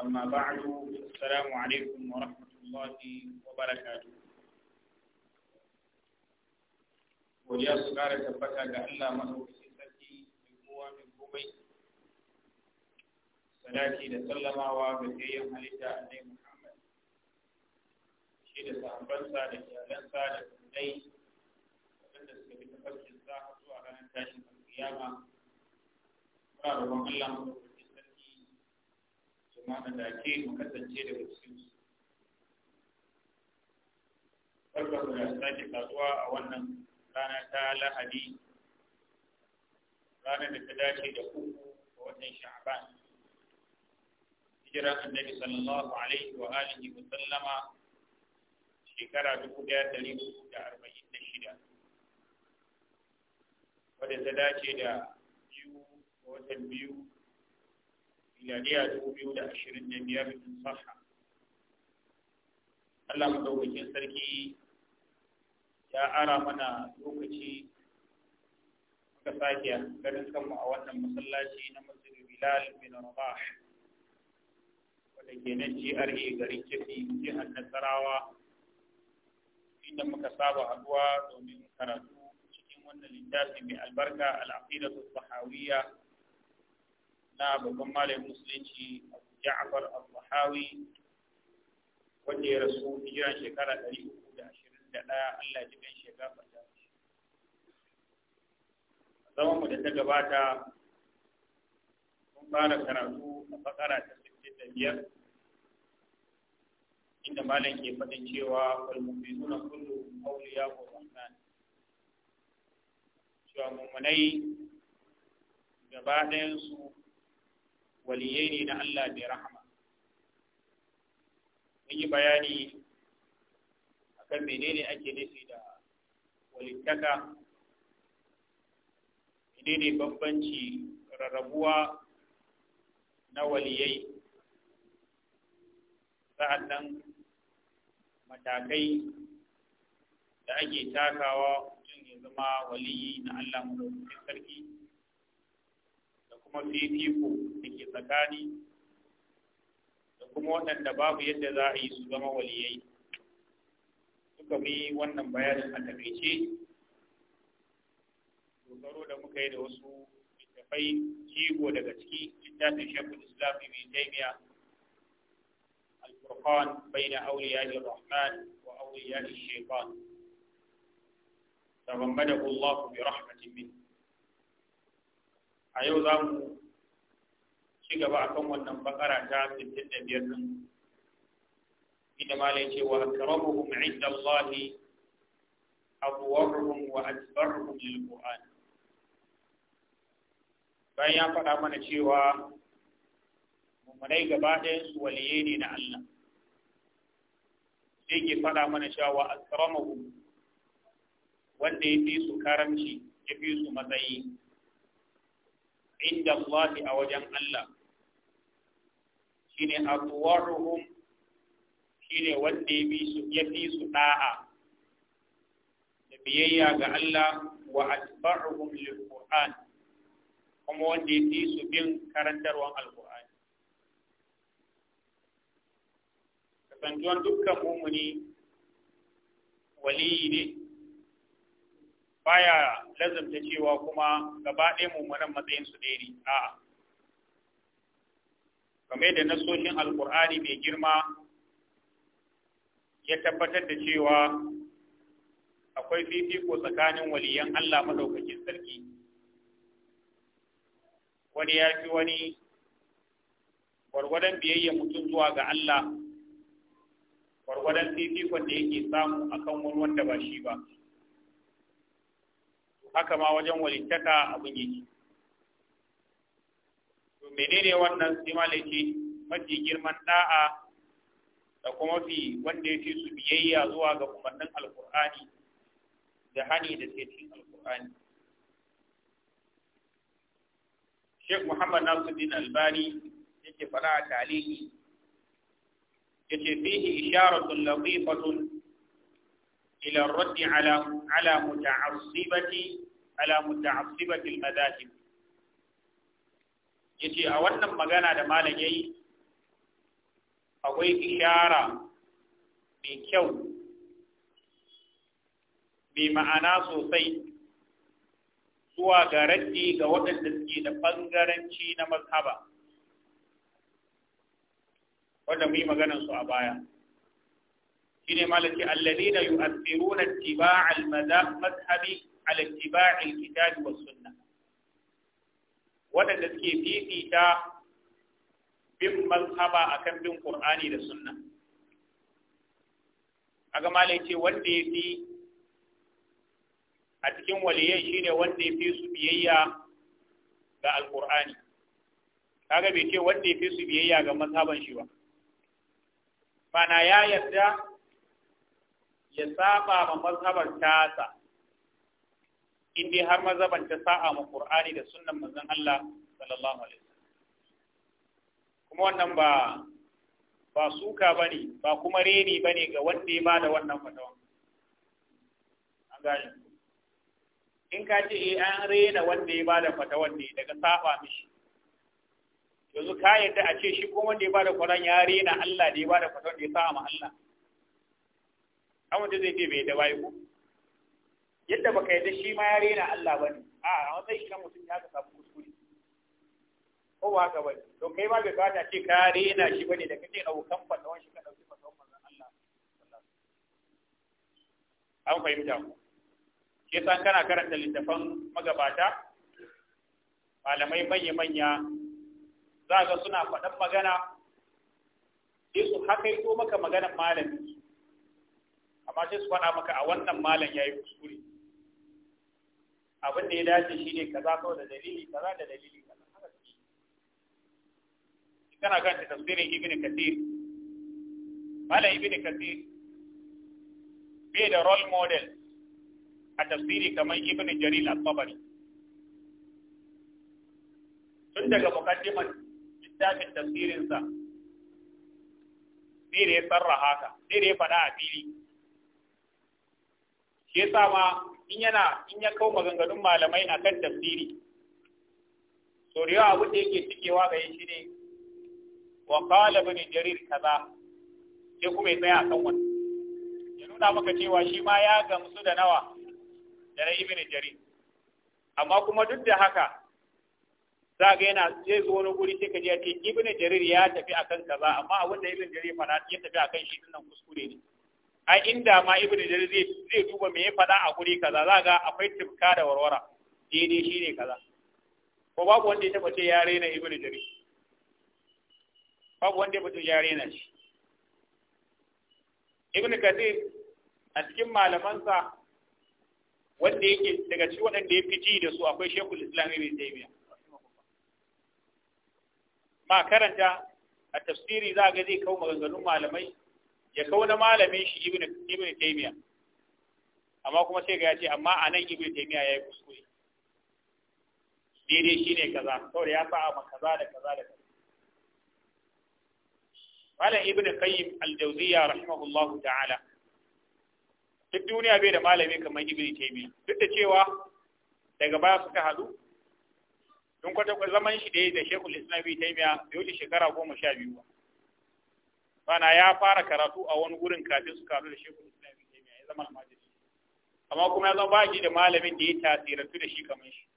أما بعد السلام عليكم ورحمة الله وبركاته وليا سكارة فتاة جهلا منه سيستي بقوة من قبي صلاة لسلم وابتيا حليتا علي محمد شيدة سعبان سالة جهلان سالة مدي وقدس كبير فتح الزاحة وعلان تاشف القيامة وعلان الله kuma da ke mu kasance da wasu barka da sake kasuwa a wannan rana ta lahadi ranar da ta dace da uku a watan sha'ban hijira annabi sallallahu alaihi wa alihi wa sallama shekara dubu ɗaya ɗari da arba'in da shida wadda ta dace da biyu a watan biyu miladiya dubu biyu da ashirin da biyar in saha Allah madaukakin sarki ya ara mana lokaci muka sake garin kanmu a wannan masallaci na masjid Bilal bin Rabah wanda ke nan GRA garin Kefi jihar Nasarawa inda muka saba haduwa domin karatu cikin wannan littafi mai albarka al-aqidatu sahawiyya na babban malamin musulunci Ja'far al-Sahawi wanda ya rasu hijira shekara 321 Allah ji shi ya gafarta A zaman mu da ta gabata mun fara karatu a fakara ta 65 inda malam ke faɗin cewa wal mu'minuna kullu awliya'ur rahman cewa mummunai gaba ɗayan su waliyai ne na Allah mai rahama mun yi bayani akan menene ake nufi da walittaka menene bambanci rarrabuwa na waliyai nan matakai da ake takawa mutum ya zama waliyi na Allah mai sarki kuma fifiko da ke tsakani da kuma waɗanda babu yadda za a yi su zama waliyai suka bi wannan bayanin a takaice dogaro da muka yi da wasu littafai jigo daga ciki littafin shekul islam ibn taymiya الفرقان بين أولياء الرحمن وأولياء الشيطان تغمده الله برحمة منه a yau za mu ci gaba a kan wannan bakara ta 65 din inda malai ce wa akramuhum inda Allah abwaruhum wa ajbaruhum lil Qur'an bayan ya faɗa mana cewa mummunai gaba ɗayan su waliye ne na Allah sai ke faɗa mana cewa akramuhum wanda ya fi su karamci ya fi su matsayi inda Allah a wajen Allah shi ne shine wanda shi ne wanda ya fi su da'a da biyayya ga Allah wa atba'uhum lil Qur'an kuma wanda ya fi su bin karantarwar Al-Qur'an kasantuwan dukkan mumuni waliyi ne baya lazamta cewa kuma gaba ɗaya mummunan matsayin su ɗaya ne a'a kamar da nasoshin alkur'ani mai girma ya tabbatar da cewa akwai fifiko tsakanin waliyan Allah madaukakin sarki wani ya fi wani gwargwadon biyayya mutum zuwa ga Allah gwargwadon fifikon da yake samu akan wani wanda ba shi ba haka ma wajen walittaka abin yake to menene wannan sai malaki mafi girman da'a da kuma fi wanda ya fi su biyayya zuwa ga umarnin alkur'ani da hani da ke cikin alkur'ani Sheikh Muhammad Nasiruddin Albani yake fara a talihi yake fihi isharatun latifatun ila raddi ala ala muta'assibati ala muta'assibati al-madahib yace a wannan magana da malam yayi akwai ishara mai kyau mai ma'ana sosai zuwa ga raddi ga waɗanda suke da ɓangaranci na mazhaba wanda mu yi maganansu a baya shine malaki alladina yu'athiruna ittiba' al na madhhabi ala ittiba' al-kitab wa sunnah wadanda suke fifita bin mazhaba akan bin ƙur'ani da sunna A ga ce wanda ya fi a cikin waliyan shine wanda ya fi su biyayya ga alqur'ani kaga bai ce wanda ya fi su biyayya ga mazhaban shi ba na ya yarda ya saba ma mazhabar tasa in dai har mazhabar ta sa'a ma Qur'ani da sunnan manzon Allah sallallahu alaihi wasallam kuma wannan ba ba suka bane ba kuma reni bane ga wanda ya bada wannan fatawa an gane in ka ce eh an rena wanda ya bada fatawa ne daga saba mishi yanzu ka yadda a ce shi kuma wanda ya bada Qur'ani ya rena Allah da ya bada fatawa da ya sa'a ma Allah an wata zai ce bai da bayi ko yadda baka yadda shi ma ya rena Allah bane a a wannan shi na mutum ya ka samu kuskure ko ba haka bane to kai ma bai kawata ce ka rena shi bane da kace daukan fatawan shi ka dauki fatawan manzon Allah an fahimta ku shi yasa kana karanta littafan magabata malamai manya-manya za ga suna faɗan magana sai su haka yi maka maganar malami amma sai su faɗa maka a wannan malam ya yi kuskure abin da ya dace shi ne ka za kawai da dalili za da dalili ka kaza haka shi kana kan tafsirin ibn kathir malam ibn kathir bai da role model a tafsiri kamar ibn jarir al-tabari tun daga mukaddiman littafin tafsirinsa sai da ya sarra haka sai da ya faɗa a fili ke sa ma in yana in ya kau maganganun malamai akan tafsiri to da yawa abin da yake cikewa ga yi shine wa qala ibn jarir kaza sai kuma ya tsaya akan wani. ya nuna maka cewa shi ma ya gamsu da nawa da na ibn jarir amma kuma duk da haka za ga yana zai zo wani guri sai ka je ce ibn jarir ya tafi akan kaza amma abin da ibn jarir fara ya tafi akan shi nan kuskure ne ai inda ma ibn jarir zai zai duba me ya faɗa a guri kaza za ga akwai tibka da warwara daidai shine kaza ko babu wanda ya taba ce ya rena ibn jarir babu wanda ya ya rena shi ibn kathir a cikin malamansa wanda yake daga cikin waɗanda ya fi ji da su akwai shekul islam ibn taymiya ma karanta a tafsiri za ga zai kawo maganganun malamai ya kawo na malamin shi ibn taimiya, amma kuma sai ga ya ce amma a nan ibn taimiya ya yi kuskure daidai shi ne kaza saboda ya fa'a ma kaza da kaza da kaza malam ibn qayyim al-jawziya rahimahullahu ta'ala duk duniya bai da malami kamar ibn taimiya. duk da cewa daga baya suka hadu don kwata zaman shi da ya da shekul islam ibn taymiya bai wuce shekara goma sha biyu ba bana ya fara karatu a wani gurin kafin su karu da shi kuma islam ibn taymiya ya zama almajiri amma kuma ya zama shi da malamin da ya tasirantu da shi kamar shi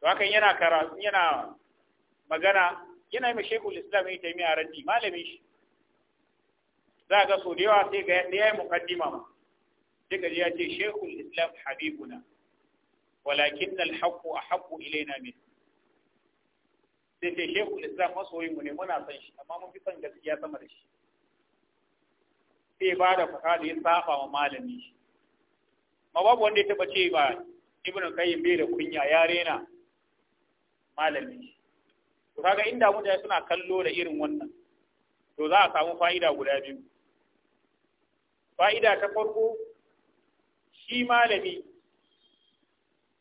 to hakan yana karatu yana magana yana mai shekul islam ya taymiya raddi malamin shi za ga so da yawa sai ga ya yi mukaddima ma sai ga ya ce shekul islam habibuna walakin al-haqqu ahqqu ilaina minhu sai ce shekul islam masoyin mu ne muna san shi amma mun fi son gaskiya sama da shi sai ba da fuka da ya saba wa malami shi ma babu wanda ya taba ce ba ibnu qayyim bai da kunya ya rena malami shi to kaga inda mutane suna kallo da irin wannan to za a samu fa'ida guda biyu fa'ida ta farko shi malami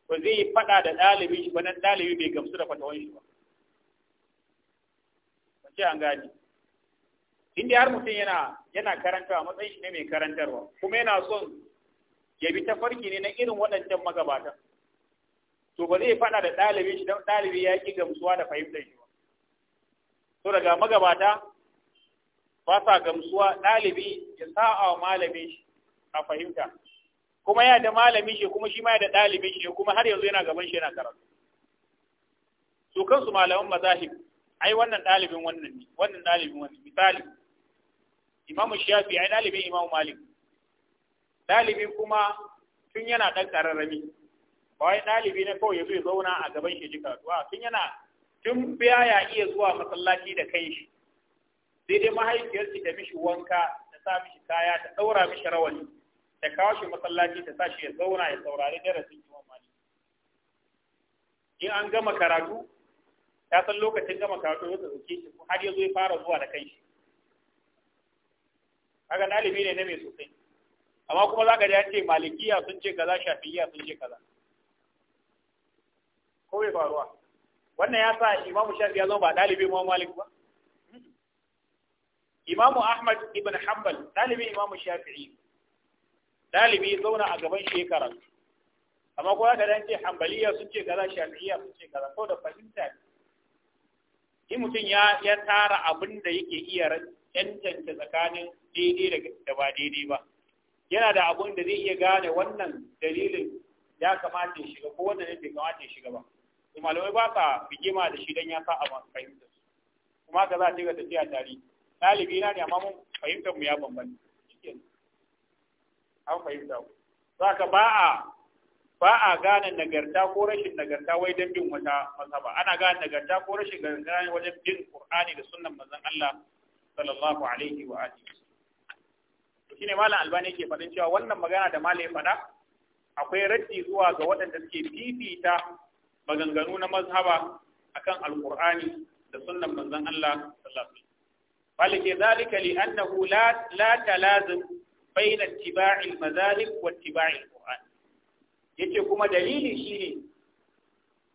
ba zai faɗa da ɗalibi shi ba nan ɗalibi bai gamsu da fatawan shi ba ce an gani inda har mutum yana yana a matsayin shi ne mai karantarwa kuma yana son ya bi tafarki ne na irin waɗancan magabata. to ba zai faɗa da ɗalibi shi don ɗalibi ya ƙi gamsuwa da fahimtar shi ba to daga magabata ba sa gamsuwa ɗalibi ya sa'a wa malamin shi a fahimta kuma ya da malamin shi kuma shi ma ya da ɗalibin shi kuma har yanzu yana gaban shi yana karatu su kansu malaman mazahib ai wannan ɗalibin wannan ne wannan ɗalibin wannan misali imam shafi ai ɗalibin imam malik Dalibin kuma tun yana ɗan ƙararrami ba wai ɗalibi ne kawai ya zo zauna a gaban shi ji karatuwa tun yana tun biya ya iya zuwa masallaci da kai shi sai dai mahaifiyar ta mishi wanka ta sa mishi kaya ta ɗaura mishi rawani ta kawo shi masallaci ta sa shi ya zauna ya saurari darasin imam malik in an gama karatu ta san lokacin gama karatu ya tsuke shi har ya zo ya fara zuwa da kanshi kaga dalibi ne na mai sosai amma kuma za ka ji an ce malikiya sun ce kaza shafiya sun ce kaza ko ya faruwa wannan ya sa imamu shafi ya zama ba dalibi ma malik ba imamu ahmad ibn hanbal dalibi imamu shafi'i dalibi zauna a gaban shekarar amma ko ka dan ce hanbaliya sun ce kaza shafi'iya sun ce kaza ko da fahimta ne shi mutum ya ya tara abin da yake iya cancanta tsakanin daidai da ba daidai ba yana da abin da zai iya gane wannan dalilin ya kamata ya shiga ko wannan ne bai kamata ya shiga ba to malamai ba sa bigima da shi dan ya sa a fahimtar su kuma ka za ka ga tafiya tare ɗalibi na ne amma mun fahimtar mu ya bambanta an fahimta ba ka ba a ba a gane nagarta ko rashin nagarta wai don bin wata masaba ana gane nagarta ko rashin nagarta wajen bin qur'ani da sunnan manzon Allah sallallahu alaihi wa alihi shine malam albani yake fadin cewa wannan magana da malai fada akwai raddi zuwa ga waɗanda suke fifita maganganu na mazhaba akan alqur'ani da sunnan manzon Allah sallallahu alaihi wa alihi ke zalika li annahu la la talazum bayna ittiba'i al yace kuma dalili shine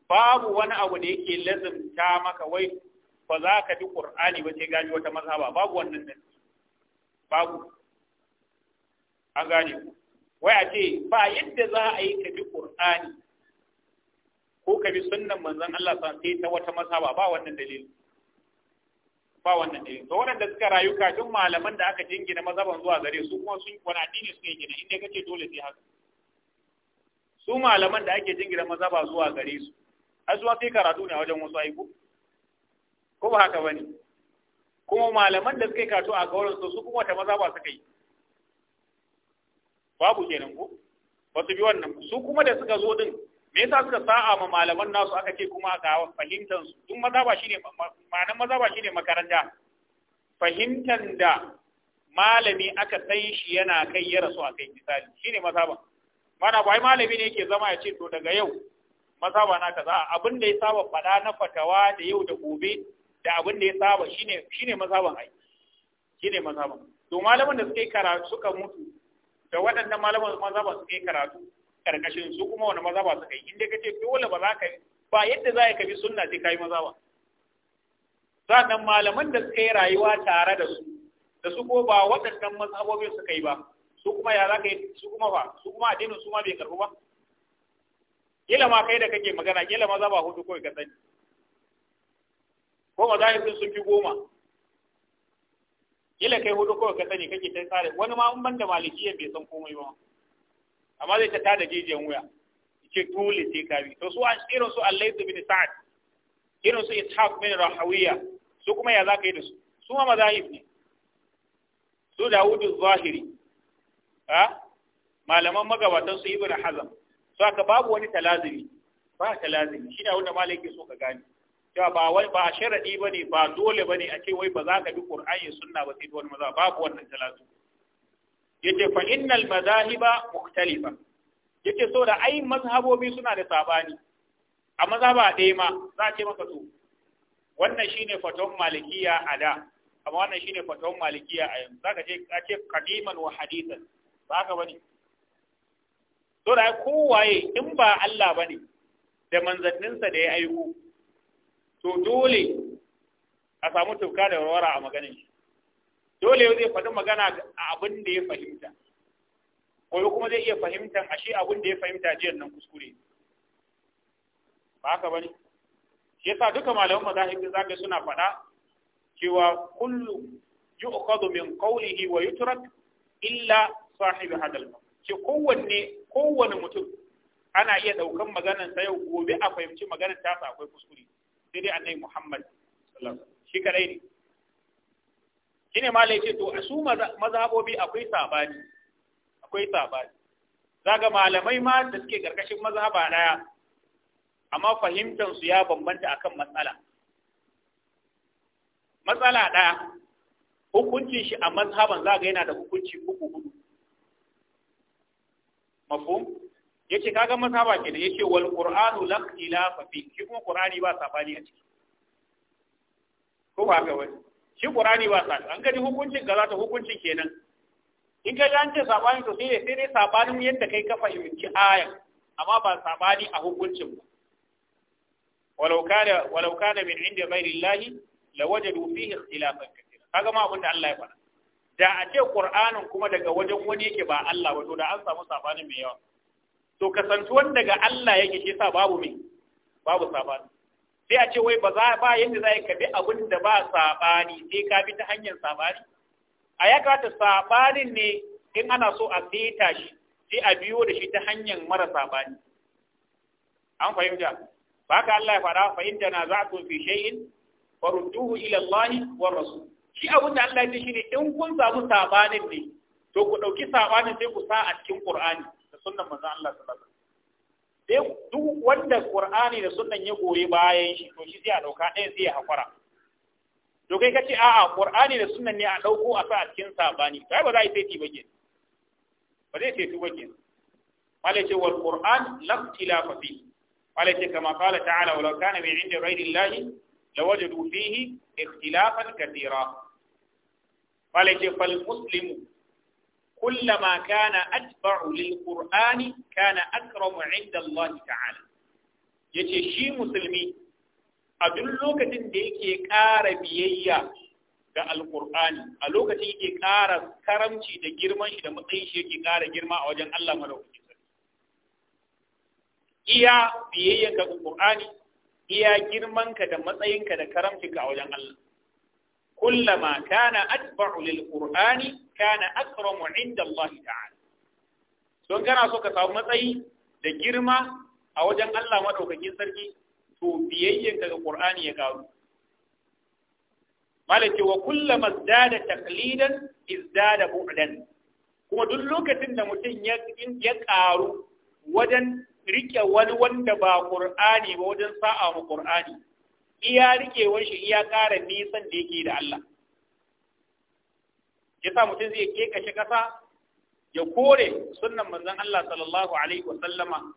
babu wani abu da yake lazimta maka wai ba za ka bi ƙur'ani ba sai gani wata mazhaba babu wannan nan babu an gane wai a ce ba yadda za a yi ka bi ƙur'ani ko ka bi sunnan manzon Allah san sai ta wata mazhaba ba wannan dalili ba wannan dalili to da suka rayu kafin malaman da aka jingina mazhaban zuwa gare su kuma sun wani addini suke gina inda kace dole sai haka su malaman da ake jingira maza ba zuwa gare su a zuwa kai karatu ne a wajen wasu aiko ko ba haka bane kuma malaman da suka yi karatu a gauran su su kuma wata maza ba suka yi babu kenan ko ba su bi wannan su kuma da suka zo din me yasa suka sa'a ma malaman nasu aka ce kuma ga fahimtar su tun maza ba shine ma'anan maza ba shine makaranta fahimtar da malami aka sai shi yana kai ya rasu a kai misali shine maza ba mana bai malami ne yake zama ya ce to daga yau masaba na kaza abin da ya saba faɗa na fatawa da yau da gobe da abin da ya saba shine shine masaban ai shine masaban to malaman da suka yi karatu suka mutu da waɗannan malaman mazaban suka yi karatu karkashin su kuma wani mazaba suka yi inda kace dole ba za ka ba yadda za ka bi sunna sai kai mazaba sannan malaman da suka yi rayuwa tare da su da su ko ba waɗannan mazhabobin suka yi ba su kuma ya zaka yi su kuma ba? su kuma addinin su ma bai karbu ba kila ma kai da kake magana kila ma za ba hudu kawai ka sani ko mazahibin sun fi goma kila kai hudu kawai ka sani kake ta tsare wani ma in banda ya bai san komai ba amma zai ta tada jijiyan wuya ce dole sai ka bi to su an irin su Allah ibn Sa'd irin su Ishaq bin Rahawiya su kuma ya zaka yi da su su ma mazahib ne su Dawud az-Zahiri ha malaman magabatan su ibn hazm so aka babu wani talazumi ba talazumi shine wanda malai yake so ka gane cewa ba wai ba sharadi bane ba dole bane a ce wai ba za ka bi qur'ani sunna ba sai da wani maza babu wannan talazumi yace fa innal madahiba mukhtalifa yace so da ai mazhabobi suna da sabani a mazhaba ɗaya ma za a ce maka to wannan shine fatawan malikiya a da amma wannan shine fatawan malikiya a yanzu zaka je ka ce qadiman wa hadithan ba haka bane so da kowaye in ba Allah bane da manzanninsa da ya aiko to dole a samu tufka da warwara a maganin shi dole zai faɗi magana a abin da ya fahimta ko kuma zai iya fahimtar shi abin da ya fahimta jiyan nan kuskure ba haka bane shi yasa duka malaman mazahibi ka suna faɗa cewa kullu yu'khadhu min qawlihi wa yutrak illa sahibi hadal ce kowanne kowanne mutum ana iya daukan maganar sa yau gobe a fahimci maganar ta sa akwai kuskure sai dai annabi Muhammad sallallahu alaihi wasallam shi kadai ne shine ma ce to a su mazhabobi akwai sabani akwai sabani zaga malamai ma da suke karkashin mazhaba daya amma fahimtar su ya bambanta akan matsala matsala ɗaya hukuncin shi a mazhaban zaga yana da hukunci uku hudu mafhum yace kaga masaba ke da yace wal qur'anu la khilafa fi shi kuma qur'ani ba safani a ciki ko ba ga wani shi qur'ani ba safani an gani hukuncin kaza ta hukuncin kenan in ka an ce safani to sai sai dai sabanin yadda kai ka fahimci aya amma ba safani a hukuncin ba walau kana walau kana min inda ghairi llahi lawajadu fihi ikhtilafan kathira kaga ma abinda Allah ya faɗa da a ce qur'anin kuma daga wajen wani yake ba Allah ba to da an samu sabanin mai yawa to kasantuwan daga Allah yake shi sa babu me babu sabani sai a ce wai ba za ba yanda za ka bi abin da ba sabani sai ka bi ta hanyar sabani a ya kata sabanin ne in ana so a saita shi sai a biyo da shi ta hanyar mara sabani an fahimta ba ka Allah ya fara fa inda na za'tum fi shay'in farudduhu ila Allah wa rasul shi abin da Allah ya ce ne in kun samu sabanin ne to ku dauki sabanin sai ku sa a cikin Qur'ani da sunnan manzo Allah sallallahu alaihi wasallam duk wanda Qur'ani da sunnan ya gore bayan shi to shi sai a dauka ɗaya sai ya hakura to kai kace a'a Qur'ani da sunnan ne a dauko a sa a cikin sabani kai ba za a yi sai ba ke ba zai sai ba ke malai ce wal Qur'an la ikhtilafa fi malai ce kama qala ta'ala law kana min 'inda ghayri Allah lawajadu fihi ikhtilafan kathira falaje fal muslimu كلما كان أتبع للقرآن كان أكرم عند Ta'ala. تعالى yace shi musulmi a duk lokacin da yake ƙara biyayya ga alƙur'ani a lokacin yake ƙara karamci da girman shi da matsayin shi yake ƙara girma a wajen Allah madaukakin sarki iya biyayya ga alƙur'ani iya girmanka da matsayinka da karamcinka a wajen Allah kullama kana atba'u lil qur'ani kana akramu inda Allah ta'ala don kana so ka samu matsayi da girma a wajen Allah madaukakin sarki to ka ga qur'ani ya karu malaki wa kullama zada taqlidan izdada bu'dan kuma duk lokacin da mutum ya ya karu wajen rike wani wanda ba Qur'ani ba wajen sa'a mu Qur'ani iya rike shi iya ƙara nisan da yake da Allah yasa mutum zai kekashe kasa ya kore sunnan manzon Allah sallallahu alaihi wa sallama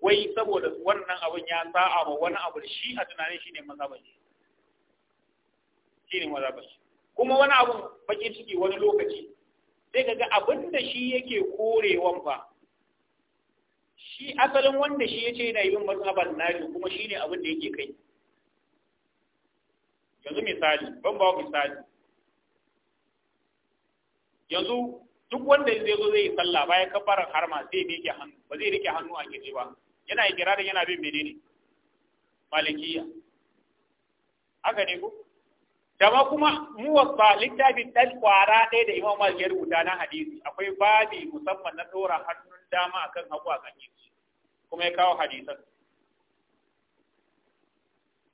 wai saboda wannan abin ya sa'a ma wani abu shi a tunanin shi ne mazhaban shi shi ne mazhaban shi kuma wani abun baki ciki wani lokaci sai kaga abin da shi yake korewan ba. shi asalin wanda shi ya ce yana yin mazhabar nari kuma shi ne abin da yake kai yanzu misali ban ba misali yanzu duk wanda zai zo zai yi sallah bayan kabbara harma zai miƙe hannu ba zai rike hannu a kirji ba yana kirarin yana bin menene malikiya haka ne ko dama kuma mu wasa littafin ɗan kwara ɗaya da imam a ya rubuta na hadisi akwai babi musamman na ɗora hannun dama akan hagu a kan kirji kuma ya kawo hadisan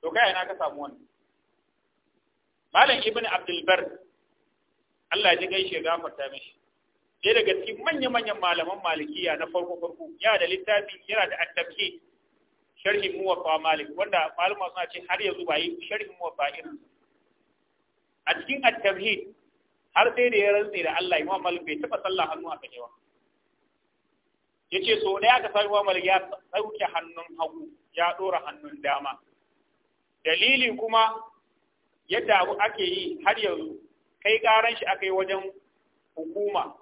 to kai na ka samu wannan malam ibn abdul bar Allah ya ji gaishe gafarta mishi ɗaya daga cikin manya-manyan malaman malikiya na farko-farko yana da littafi yana da attafke sharhin muwaffa malik wanda malama suna ce har yanzu ba yi sharhin muwaffa irin a cikin attafke har sai da ya rantse da Allah imam malik bai taɓa sallah hannu a kajewa ya ce so ɗaya ka sami mamal ya ɗauke hannun hagu ya ɗora hannun dama dalili kuma yadda abu ake yi har yanzu kai ƙaran shi aka yi wajen hukuma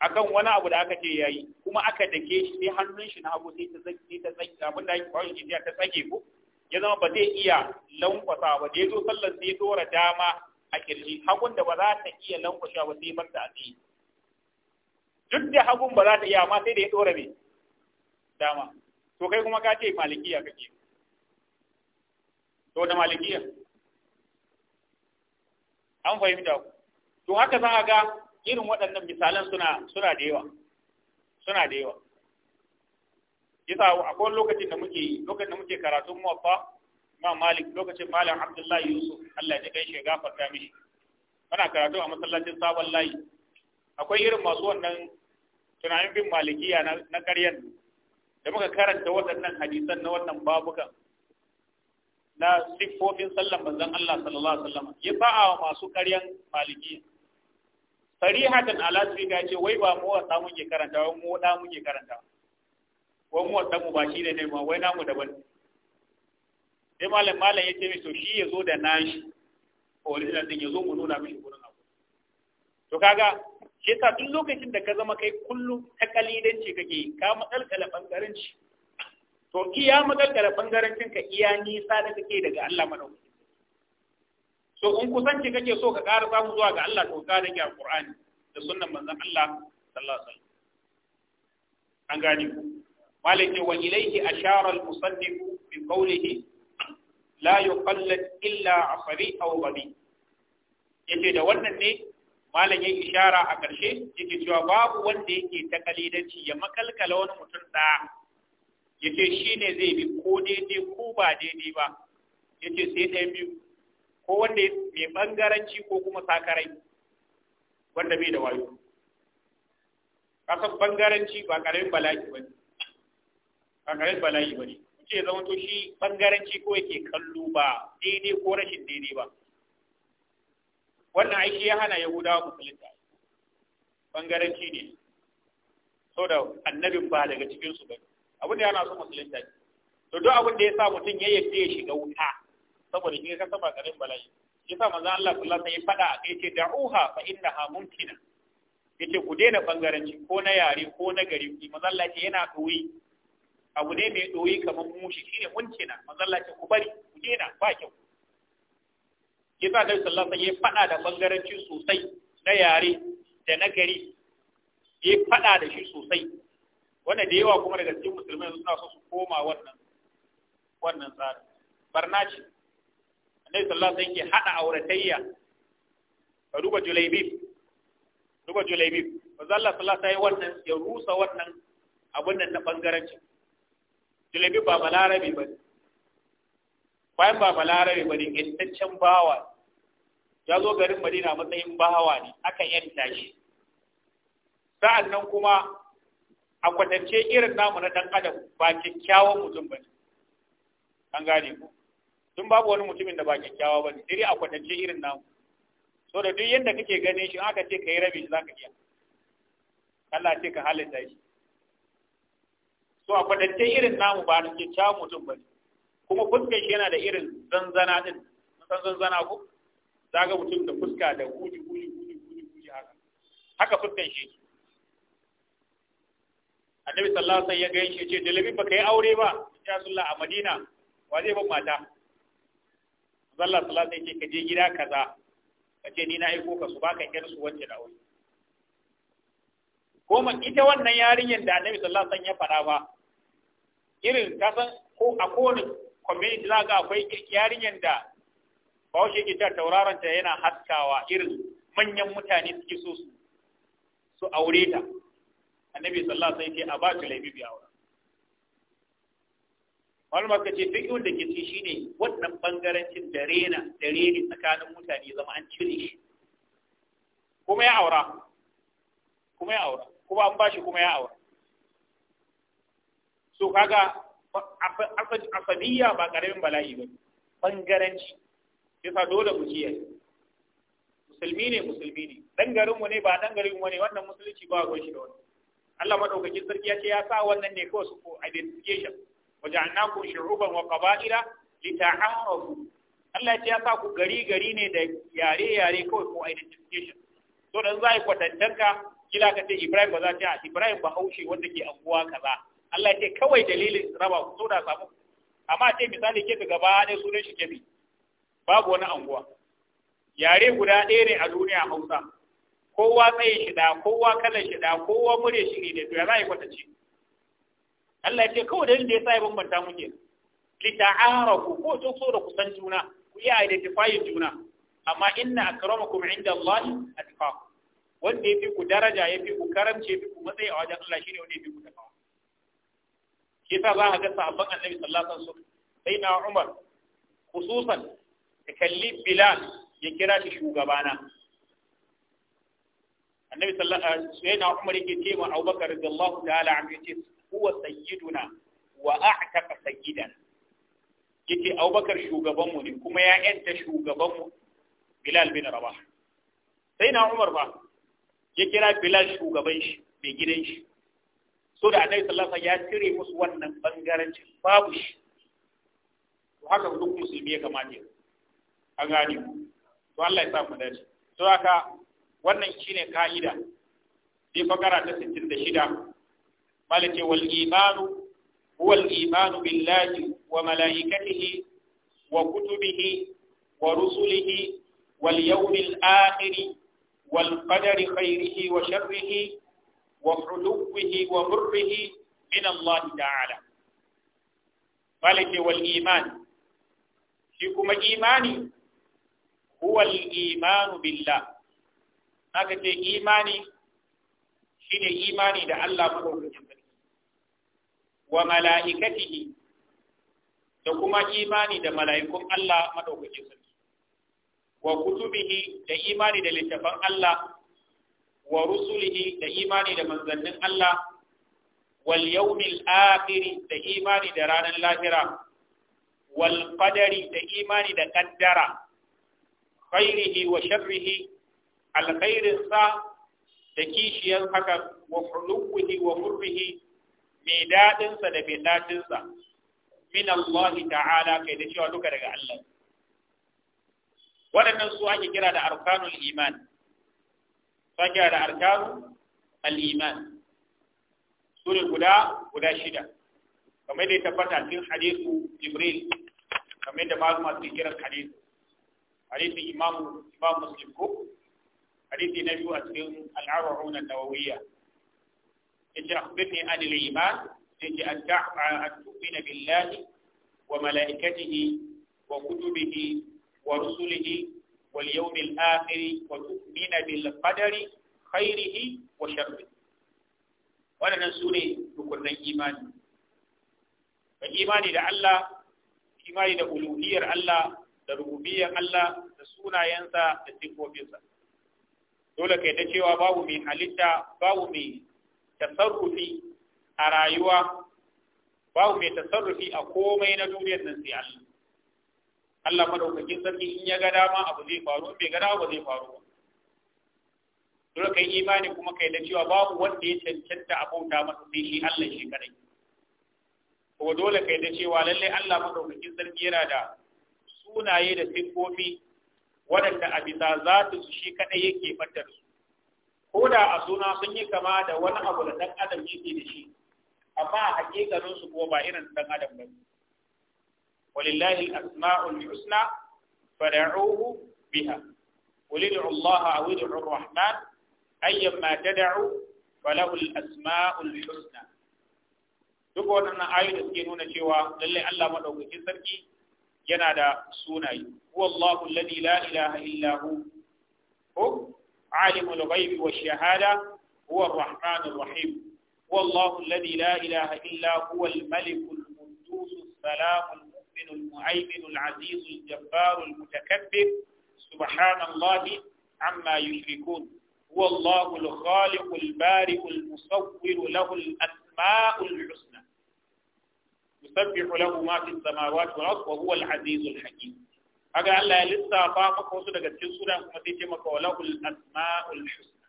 akan wani abu da aka ce ya yi kuma aka dake shi sai hannun shi na hagu sai ta tsage ta abin da ake kwashe jiya ta tsage ku. ya zama ba zai iya lankwasa ba da ya zo sallar sai dora dama a kirji hagun da ba za ta iya lankwasa ba sai bar da a tsaye duk da hagun ba za ta iya amma sai da ya tsora ne dama to kai kuma ka ce malikiya kake to da malikiya an fahimta ku to haka za a ga irin waɗannan misalan suna suna da yawa suna da yawa yasa akwai lokacin da muke lokacin da muke karatun muwaffa ma malik lokacin malam abdullahi yusuf Allah ya kai shi gafarta mishi ana karatu a masallacin sabon layi akwai irin masu wannan tunanin bin malikiya na ƙaryan da muka karanta waɗannan hadisan na wannan babukan na siffofin sallan manzon Allah sallallahu alaihi wasallam ya fa'a wa masu ƙaryan malikiya sarihatan ala ga ce wai ba mu wasa muke karanta wai mu da muke karanta wai mu wasa mu ba shi ne ma wai namu daban sai malam malam ya ce mai to shi ya zo da nashi original din ya zo mu nuna mishi gurin abu to kaga shi yasa duk lokacin da ka zama kai kullum ta kalidanci kake ka matsalkala bangaranci to iya matsalkala bangarancin ka iya nisa da kake daga Allah madaukakin so in kusanci kake so ka ƙara samu zuwa ga Allah to ka da ke alqur'ani da sunnan manzon Allah sallallahu alaihi wasallam an gani ku malike wa ilayhi ashara al-musannif bi qawlihi la yuqallad illa asabi aw babi yace da wannan ne malam ya ishara a ƙarshe yake cewa babu wanda yake ta kalidanci ya makalkala wani mutum da ya ce shi ne zai bi ko daidai ko ba daidai ba ya ce sai ɗaya biyu ko wanda mai ɓangaranci ko kuma sakarai wanda bai da wayo kasan ɓangaranci ba ƙaramin bala'i ba ne ba ƙaramin bala'i ba ne ce zama to shi ɓangaranci ko yake kallo ba daidai ko rashin daidai ba wannan aiki ya hana yahudawa musulunta bangaranci ne so da annabin ba daga cikin su bane abin da yana so musulunta ne to duk abin da ya sa mutum ya yadda ya shiga wuta saboda shi ka saba garin bala'i shi sa manzo Allah sallallahu alaihi wasallam ya fada kai ce da'uha fa innaha mumkina yace ku daina bangaranci ko na yare ko na gari manzo Allah ce yana doyi abu ne mai doyi kamar mushi shine mumkina manzo Allah ce ku bari ku daina ba kyau ya sa Annabi sallallahu alaihi ya fada da bangaranci sosai na yare da na gari ya fada da shi sosai wanda da yawa kuma daga cikin musulmai suna so su koma wannan wannan tsari barna ce Annabi sallallahu alaihi ke hada auratayya ka duba Julaibib duba Julaibib manzo Allah sallallahu alaihi wannan ya rusa wannan abun nan na bangaranci Julaibib ba balarabi ba ne bayan ba balarare ba ne intaccen bawa ya zo garin madina matsayin bawa ne aka yanta shi sa'an nan kuma a kwatance irin namu na ɗan adam ba kyakkyawan mutum ba ne an gane ku tun babu wani mutumin da ba kyakkyawa ba ne diri a kwatance irin namu so da duk yadda kake ganin shi aka ce ka yi rabi za ka iya Allah ce ka halitta shi so a kwatance irin namu ba na kyakkyawan mutum ba ne kuma fuskar shi yana da irin zanzana din san zanzana ko zaga mutum da fuska da huji huji huji huji huji haka haka fuskar shi annabi sallallahu alaihi wasallam ya gaishe ce dalibi baka yi aure ba ya sulla a madina wa zai ban mata zalla sallallahu alaihi wasallam ka je gida kaza ka ce ni na aiko ka su baka yar su wacce da aure ma ita wannan yarinyar da annabi sallallahu alaihi wasallam ya faɗa ba irin kasan ko a kowane community za ga akwai yarinyar da ba wuce jar tauraron ta yana haskawa irin manyan mutane suke so su su aure ta annabi sallallahu alaihi wasallam ya ba ta laifi bi aura. malama ka ce fiqhun da ke ci shine wannan bangarancin da rena da rene tsakanin mutane zama an cire shi kuma ya aura kuma ya aura kuma an bashi kuma ya aura so kaga asabiyya ba karamin bala'i ba bangaranci yasa dole mu kiyaye musulmi ne musulmi ne dan garinmu ne ba dan garinmu ne wannan musulunci ba ruwan shi da wani Allah madaukakin sarki ya ce ya sa wannan ne kawai su ko identification waja'alnakum shu'uban wa qaba'ila lita'arafu Allah ya ce ya sa ku gari gari ne da yare yare kawai ko identification to dan zai kwatantanka kila ka ce Ibrahim ba za ta Ibrahim ba haushe wanda ke anguwa kaza Allah ce kawai dalilin raba ku so da samu amma ce misali ke gaba ne sunan shi kebi babu wani anguwa yare guda ɗaya ne a duniya Hausa kowa tsaye shi da kowa kalar shi da kowa mure shi ne to ya za a yi kwatance Allah ya ce kawai dalilin da ya sa ya bambanta muke lita'arafu ko to so da kusan juna ku iya identify juna amma inna akramakum inda Allah atqakum wanda yafi ku daraja yafi ku karamce yafi ku matsayi a wajen Allah shine wanda yafi ku tafawa. Kita yasa za ka ga sahabban annabi sallallahu alaihi wasallam sai na Umar khususan ya kalli Bilal ya kira shi shugabana annabi sallallahu alaihi wasallam Umar yake ce ma Abubakar radiyallahu ta'ala anhu yace huwa sayyiduna wa a'taqa sayyidan yace Abubakar shugaban mu ne kuma ya yanta shugaban mu Bilal bin Rabah sai na Umar ba ya kira Bilal shugaban shi mai gidan shi so da annabi sallallahu alaihi wasallam ya cire musu wannan bangarancin babu shi to haka duk musulmi ya kamata ya a gani to Allah ya sa mu dace to haka wannan shine ka'ida bi fakara ta 66 malike wal imanu huwa al imanu billahi wa malaikatihi wa kutubihi wa rusulihi wal yawmil akhir wal qadari khairihi wa sharrihi وحلوه ومره من الله تعالى ملك والإيمان شكما إيماني هو الإيمان بالله أكت إيماني شين إيماني دا الله وملائكته da kuma imani da mala'ikun Allah maɗaukakin sarki, wa kutubihi da imani da littafan Allah wa rusulihi da imani da manzannin Allah wal yawmil akhir da imani da ranar lahira wal qadari da imani da qaddara khairihi wa sharrihi alkhairin sa da kishiyar haka wa huluwihi wa furrihi mai daɗinsa da mai daɗinsa min Allah ta'ala kai da cewa duka daga Allah waɗannan su ake kira da arkanul iman sakiya da arkanu al-iman guda guda shida kamar da ya tabbata cikin hadisu jibril kamar da malu masu kiran hadisu hadisin imam imam muslim ko hadisi na biyu a cikin al'arwa'un an-nawawiyya yace akhbirni an al-iman yace an ta'a an tu'mina billahi wa malaikatihi wa kutubihi wa rusulihi wal yawmil akhir wa tu'mina bil qadari khairihi wa sharrihi waɗannan su ne rukunan imani da imani da Allah imani da uluhiyar Allah da rububiyar Allah da sunayensa da sifofinsa dole kai ta cewa babu mai halitta babu mai tasarrufi a rayuwa babu mai tasarrufi a komai na duniyar nan sai Allah Allah madaukakin sarki in ya ga dama abu zai faru in bai ga dama ba zai faru ba dole kai imani kuma kai da cewa babu wanda ya cancanta a bauta masa sai shi Allah shi kadai ko dole kai da cewa lalle Allah madaukakin sarki yana da sunaye da sifofi waɗanda a bisa za su shi kadai yake fadar su ko da a suna sun yi kama da wani abu da dan adam yake da shi amma a hakikanin su kuma ba irin dan adam ba ne ولله الأسماء الحسنى فدعوه بها قل ادعوا الله أو ادعوا الرحمن أيما تدعوا فله الأسماء الحسنى duk waɗannan ayoyi da suke nuna cewa lallai Allah madaukakin sarki yana da sunaye huwa Allahu alladhi la ilaha illa hu hu alimul ghaibi wash shahada huwa ar-rahmanur rahim huwa Allahu alladhi la ilaha illa huwa al-malikul quddus salamul المؤمن المهيمن العزيز الجبار المتكبر سبحان الله عما يشركون هو الله الخالق البارئ المصور له الأسماء الحسنى يسبح له ما في السماوات والأرض وهو العزيز الحكيم kaga Allah ya lissafa maka wasu daga cikin sunan kuma sai ce maka walahul asmaul husna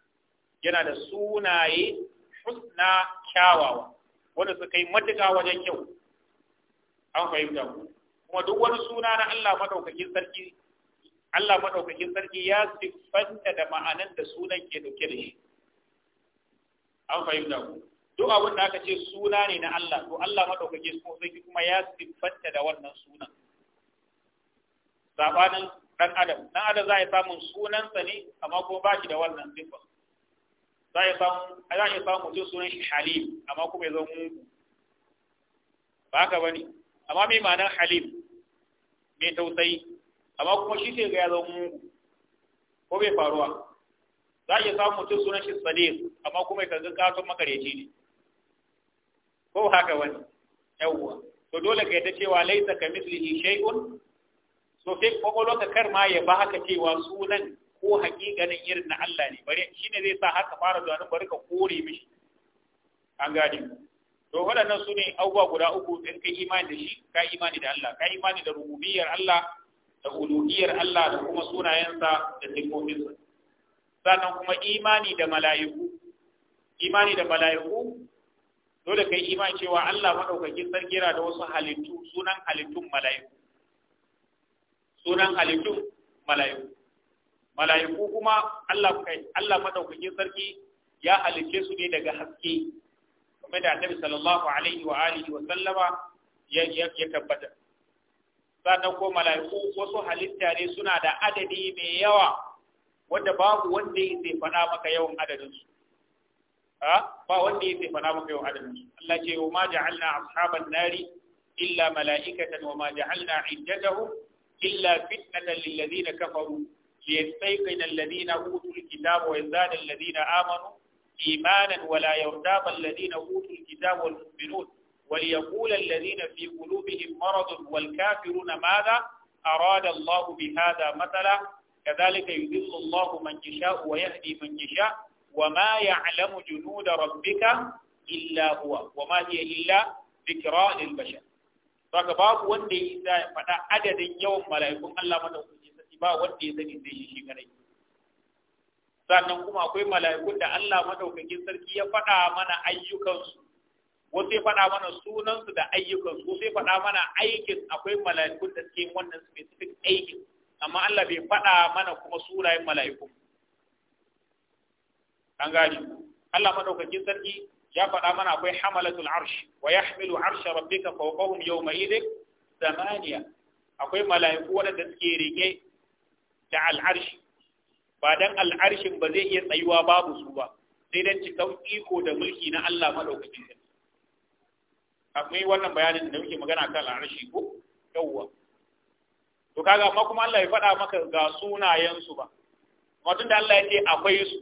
yana da sunaye husna kyawawa wanda suka yi matuƙa wajen kyau an fahimta ku kuma duk wani suna na Allah madaukakin sarki Allah madaukakin sarki ya siffanta da ma'anan da sunan ke dauke da shi an fahimta ku duk abin da aka ce suna ne na Allah to Allah madaukakin sarki kuma ya siffanta da wannan sunan sabanin dan adam dan adam za samu sunan sunansa ne amma kuma ba shi da wannan siffa za samu za samu mutum sunan shi halim amma kuma ya zama mugu ba haka bane amma mai ma'anar halim mai tausayi amma kuma shi ce ga ya zama ko bai faruwa za a iya samun mutum sunan shi salim amma kuma ya kanzu katon makareci ne ko haka wani yawwa to dole ka yadda cewa laisa ka mislihi shay'un so sai kwakwalwa ka kar ma ya ba haka cewa sunan ko hakikanin irin na Allah ne shi shine zai sa haka fara nan bari ka kore mishi an gane to waɗannan su ne abubuwa guda uku in ka imani da shi ka imani da Allah ka imani da rububiyar Allah da uluhiyar Allah da kuma sunayensa da sifofinsa sannan kuma imani da mala'iku imani da mala'iku dole kai imani cewa Allah madaukakin sarki yana da wasu halittu sunan halittun mala'iku sunan halittun mala'iku mala'iku kuma Allah kai Allah madaukakin sarki ya halicce su ne daga haske kamar da annabi sallallahu alaihi wa alihi wa sallama ya tabbata sannan ko mala'iku wasu halitta ne suna da adadi mai yawa wanda babu wanda ya sai faɗa maka yawan adadin su ba wanda ya sai faɗa maka yawan adadin su Allah ce wa ma ja'alna ashaban nari illa mala'ikatan wa ma ja'alna iddatahum illa fitnatan lil ladina kafaru liyastayqina alladhina utul kitaba wa yazada alladhina amanu إيمانا ولا يرتاب الذين أوتوا الكتاب والمؤمنون وليقول الذين في قلوبهم مرض والكافرون ماذا أراد الله بهذا مثلا كذلك يذل الله من يشاء ويهدي من يشاء وما يعلم جنود ربك إلا هو وما هي إلا ذكرى للبشر فكباب ودي إذا فتا عدد يوم ملايكم yawan mala'ikun Allah إذا sarki ودي إذا إذا يشيك عليكم sannan kuma akwai mala'ikun da Allah madaukakin sarki ya faɗa mana ayyukansu wasu ya faɗa mana sunansu da ayyukansu wasu ya faɗa mana aikin akwai mala'ikun da suke wannan specific aikin amma Allah bai faɗa mana kuma sunayen mala'ikun an gani Allah madaukakin sarki ya faɗa mana akwai hamalatul arsh wa yahmilu arsha rabbika fawqahum yawma idin samaniya akwai mala'iku waɗanda suke rike da al'arshi ba dan al'arshin ba zai iya tsayuwa babu su ba sai dan cikan iko da mulki na Allah madaukakin sarki akwai wannan bayanin da muke magana kan al'arshi ko yawwa to kaga amma kuma Allah ya faɗa maka ga sunayen su ba amma tunda Allah ya ce akwai su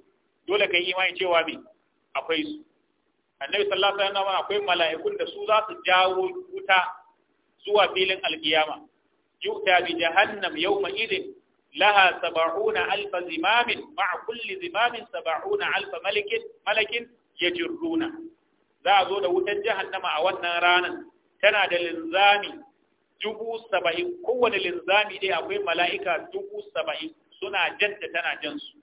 dole kai imani cewa me akwai su annabi sallallahu alaihi wasallam akwai mala'ikun da su za su jawo wuta zuwa filin alkiyama yu'ta bi jahannam yawma idin laha saba'una alfa zimamin ma'a kulli zimamin saba'una alfa malakin malakin yajruna za a zo da wutan jahannama a wannan ranar tana da linzami dubu saba'in kowane linzami dai akwai mala'ika dubu saba'in suna janta tana jansu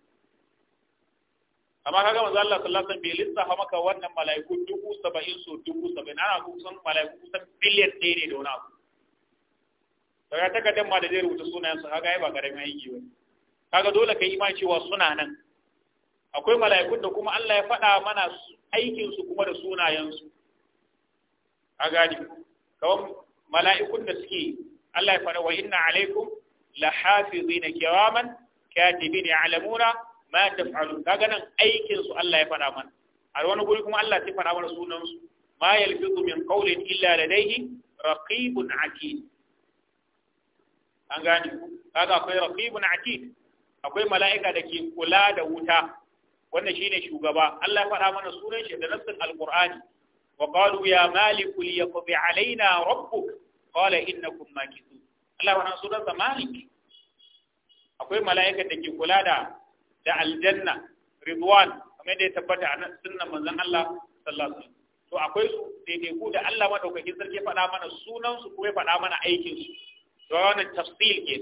amma kaga manzo Allah sallallahu alaihi wasallam bai lissafa maka wannan mala'iku dubu saba'in so dubu saba'in ana kusan mala'iku kusan biliyan ɗaya ne da wani daga takardar ma da zai rubuta sunayen su kaga ai ba karamin aiki ba kaga dole ka imani cewa suna nan akwai mala'ikun da kuma Allah ya faɗa mana aikin su kuma da sunayen su a gani kawai mala'ikun da suke Allah ya faɗa wa inna alaikum la hafizina kiraman katibin ya'lamuna ma taf'alun kaga nan aikin su Allah ya faɗa mana a wani guri kuma Allah ya faɗa mana sunan su ma yalfizu min qawlin illa ladayhi raqibun atid an gane ku kaga akwai raqibun atid akwai mala'ika da ke kula da wuta wannan shine shugaba Allah ya faɗa mana sunan shi da nassin alqur'ani wa qalu ya maliku liyaqdi alaina rabbuk qala innakum makithun Allah wannan sunan sa malik akwai mala'ika da ke kula da da aljanna ridwan kamar da ya tabbata a sunnan manzon Allah sallallahu alaihi wasallam to akwai su ku da Allah madaukakin sarki faɗa mana sunan su kuma faɗa mana aikin su to tafsil ke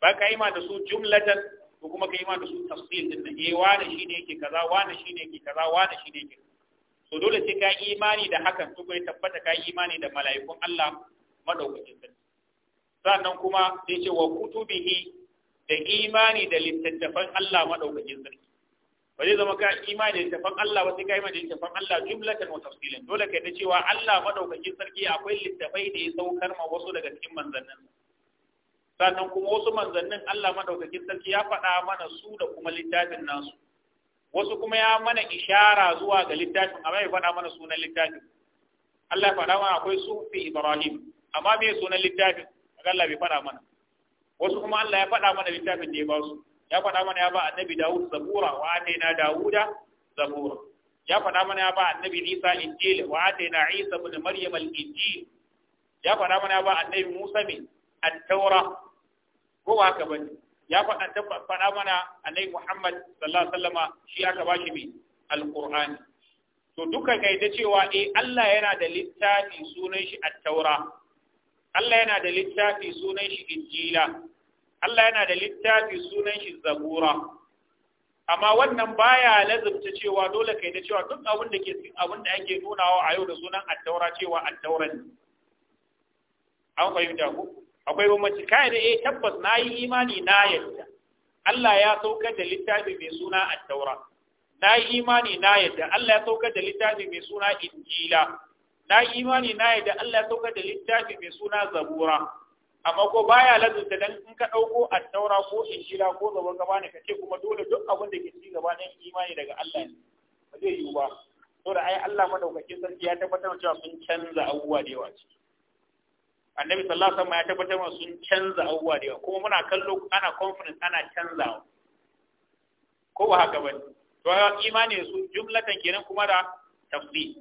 ba ka yi ma da su jumlatan ko kuma ka yi ma da su tafsil din nan eh wani ne yake kaza wani ne yake kaza wani ne yake to dole sai ka yi imani da hakan to kai tabbata ka yi imani da mala'ikun Allah madaukakin sarki sannan kuma sai ce wa kutubihi da imani da littattafan Allah madaukakin sarki ba zai zama ka imani da littattafan Allah ba sai ka imani da littattafan Allah jumlatan wa tafsilan dole kai da cewa Allah madaukakin sarki akwai littafai da ya saukar ma wasu daga cikin manzannin sannan kuma wasu manzannin Allah madaukakin sarki ya faɗa mana su da kuma littafin nasu wasu kuma ya mana ishara zuwa ga littafin amma ya faɗa mana sunan littafin Allah ya faɗa mana akwai sufi Ibrahim amma bai sunan littafin Allah bai faɗa mana wasu kuma Allah ya faɗa mana littafin da ya ba su ya faɗa mana ya ba annabi Dawud zabura wa ataina Dawuda zabura ya faɗa mana ya ba annabi Isa injil wa ataina Isa ibn Maryam al-injil ya faɗa mana ya ba annabi Musa min at ko ba haka bane ya faɗa faɗa mana annabi Muhammad sallallahu alaihi wasallam shi aka bashi mai alqur'ani to duka kai da cewa eh Allah yana da littafi sunan shi at-taura Allah yana da littafi sunan shi injila Allah yana da littafi sunan shi zabura amma wannan baya lazumta cewa dole kai da cewa duk abin da ke abin da ake nunawa a yau da sunan at-taura cewa at-taura ne an fahimta ku akwai ba mace kai da eh tabbas nayi imani na yadda Allah ya saukar da littafi mai suna at-taura nayi imani na yadda Allah ya saukar da littafi mai suna injila nayi imani na yadda Allah ya saukar da littafi mai suna zabura amma ko baya lazunta dan in ka dauko at-taura ko injila ko zabura gaba ne kace kuma dole duk abin da ke ci gaba ne imani daga Allah ne ba zai yiwu ba saboda ai Allah madaukakin sarki ya tabbatar cewa sun canza abubuwa da yawa ciki annabi sallallahu alaihi wasallam ya tabbatar ma sun canza abubuwa da kuma muna kallo ana conference ana canza ko ba haka bane to imani su jumlatan kenan kuma da tafsir